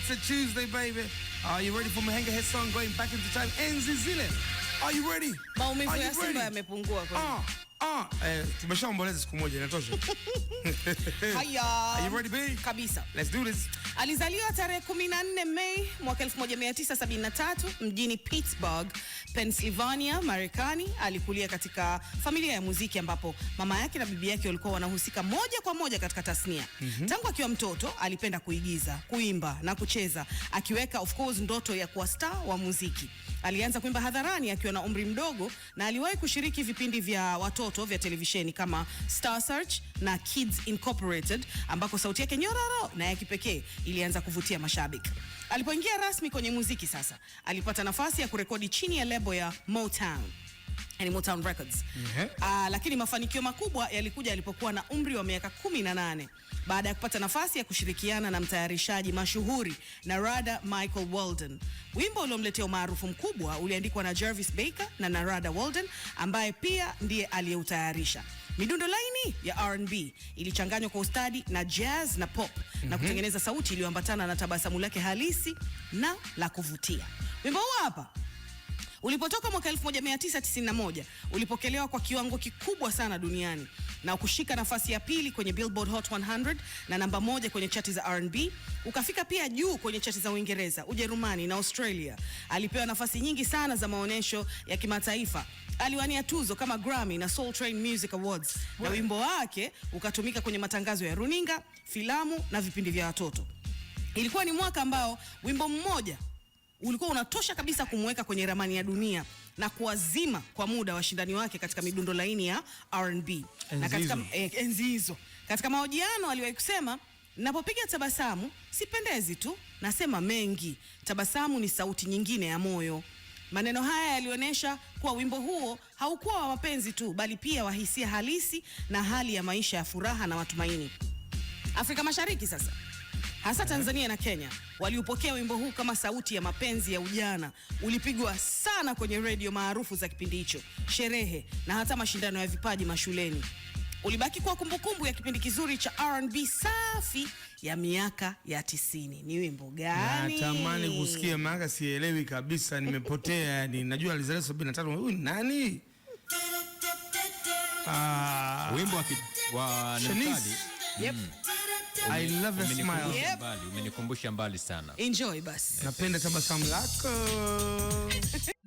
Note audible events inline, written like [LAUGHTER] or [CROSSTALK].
It's a Tuesday, baby. Are you ready for Mahenga Head song going back into time? Enzi Zile. Are you ready? Ah, eh, tumeshaomboleza siku moja inatosha. [LAUGHS] Haya. Are you ready babe? Kabisa. Let's do this. Alizaliwa tarehe 14 Mei mwaka 1973 mjini Pittsburgh, Pennsylvania, Marekani. Alikulia katika familia ya muziki ambapo mama yake na bibi yake walikuwa wanahusika moja kwa moja katika tasnia. Mm -hmm. Tangu akiwa mtoto alipenda kuigiza, kuimba na kucheza, akiweka of course ndoto ya kuwa star wa muziki. Alianza kuimba hadharani akiwa na umri mdogo na aliwahi kushiriki vipindi vya watoto vya televisheni kama Star Search na Kids Incorporated, ambako sauti yake nyororo na ya kipekee ilianza kuvutia mashabiki. Alipoingia rasmi kwenye muziki sasa, alipata nafasi ya kurekodi chini ya lebo ya Motown ni Motown Records. Mm -hmm. Uh, lakini mafanikio makubwa yalikuja alipokuwa na umri wa miaka 18 baada ya kupata nafasi ya kushirikiana na mtayarishaji mashuhuri Narada Michael Walden. Wimbo uliomletea umaarufu mkubwa uliandikwa na Jarvis Baker na Narada Walden ambaye pia ndiye aliyeutayarisha. Midundo laini ya R&B ilichanganywa kwa ustadi na jazz na pop mm -hmm. na mhm. kutengeneza sauti iliyoambatana na tabasamu lake halisi na la kuvutia. Wimbo huu hapa Ulipotoka mwaka 1991 ulipokelewa kwa kiwango kikubwa sana duniani na kushika nafasi ya pili kwenye Billboard Hot 100 na namba moja kwenye chati za R&B. Ukafika pia juu kwenye chati za Uingereza, Ujerumani na Australia. Alipewa nafasi nyingi sana za maonyesho ya kimataifa. Aliwania tuzo kama Grammy na Soul Train Music Awards na wimbo wake ukatumika kwenye matangazo ya runinga, filamu na vipindi vya watoto. Ilikuwa ni mwaka ambao wimbo mmoja ulikuwa unatosha kabisa kumweka kwenye ramani ya dunia na kuwazima kwa muda washindani wake katika midundo laini ya R&B na katika eh, enzi hizo. Katika mahojiano aliwahi kusema, napopiga tabasamu sipendezi tu, nasema mengi. Tabasamu ni sauti nyingine ya moyo. Maneno haya yalionyesha kuwa wimbo huo haukuwa wa mapenzi tu, bali pia wa hisia halisi na hali ya maisha ya furaha na matumaini. Afrika Mashariki sasa hasa Tanzania na Kenya waliupokea wimbo huu kama sauti ya mapenzi ya ujana. Ulipigwa sana kwenye redio maarufu za kipindi hicho, sherehe na hata mashindano ya vipaji mashuleni. Ulibaki kuwa kumbukumbu ya kipindi kizuri cha R&B safi ya miaka ya tisini. Ni wimbo gani? Natamani kusikia maana sielewi kabisa, nimepotea [LAUGHS] yani. Najua alizaliwa sabini na Huyu ni nani? Ah, wimbo wa Shanisi. Yep. Mm. I love the smile. Yep. Umenikumbusha mbali sana. Enjoy basi. Napenda tabasamu lako. [LAUGHS]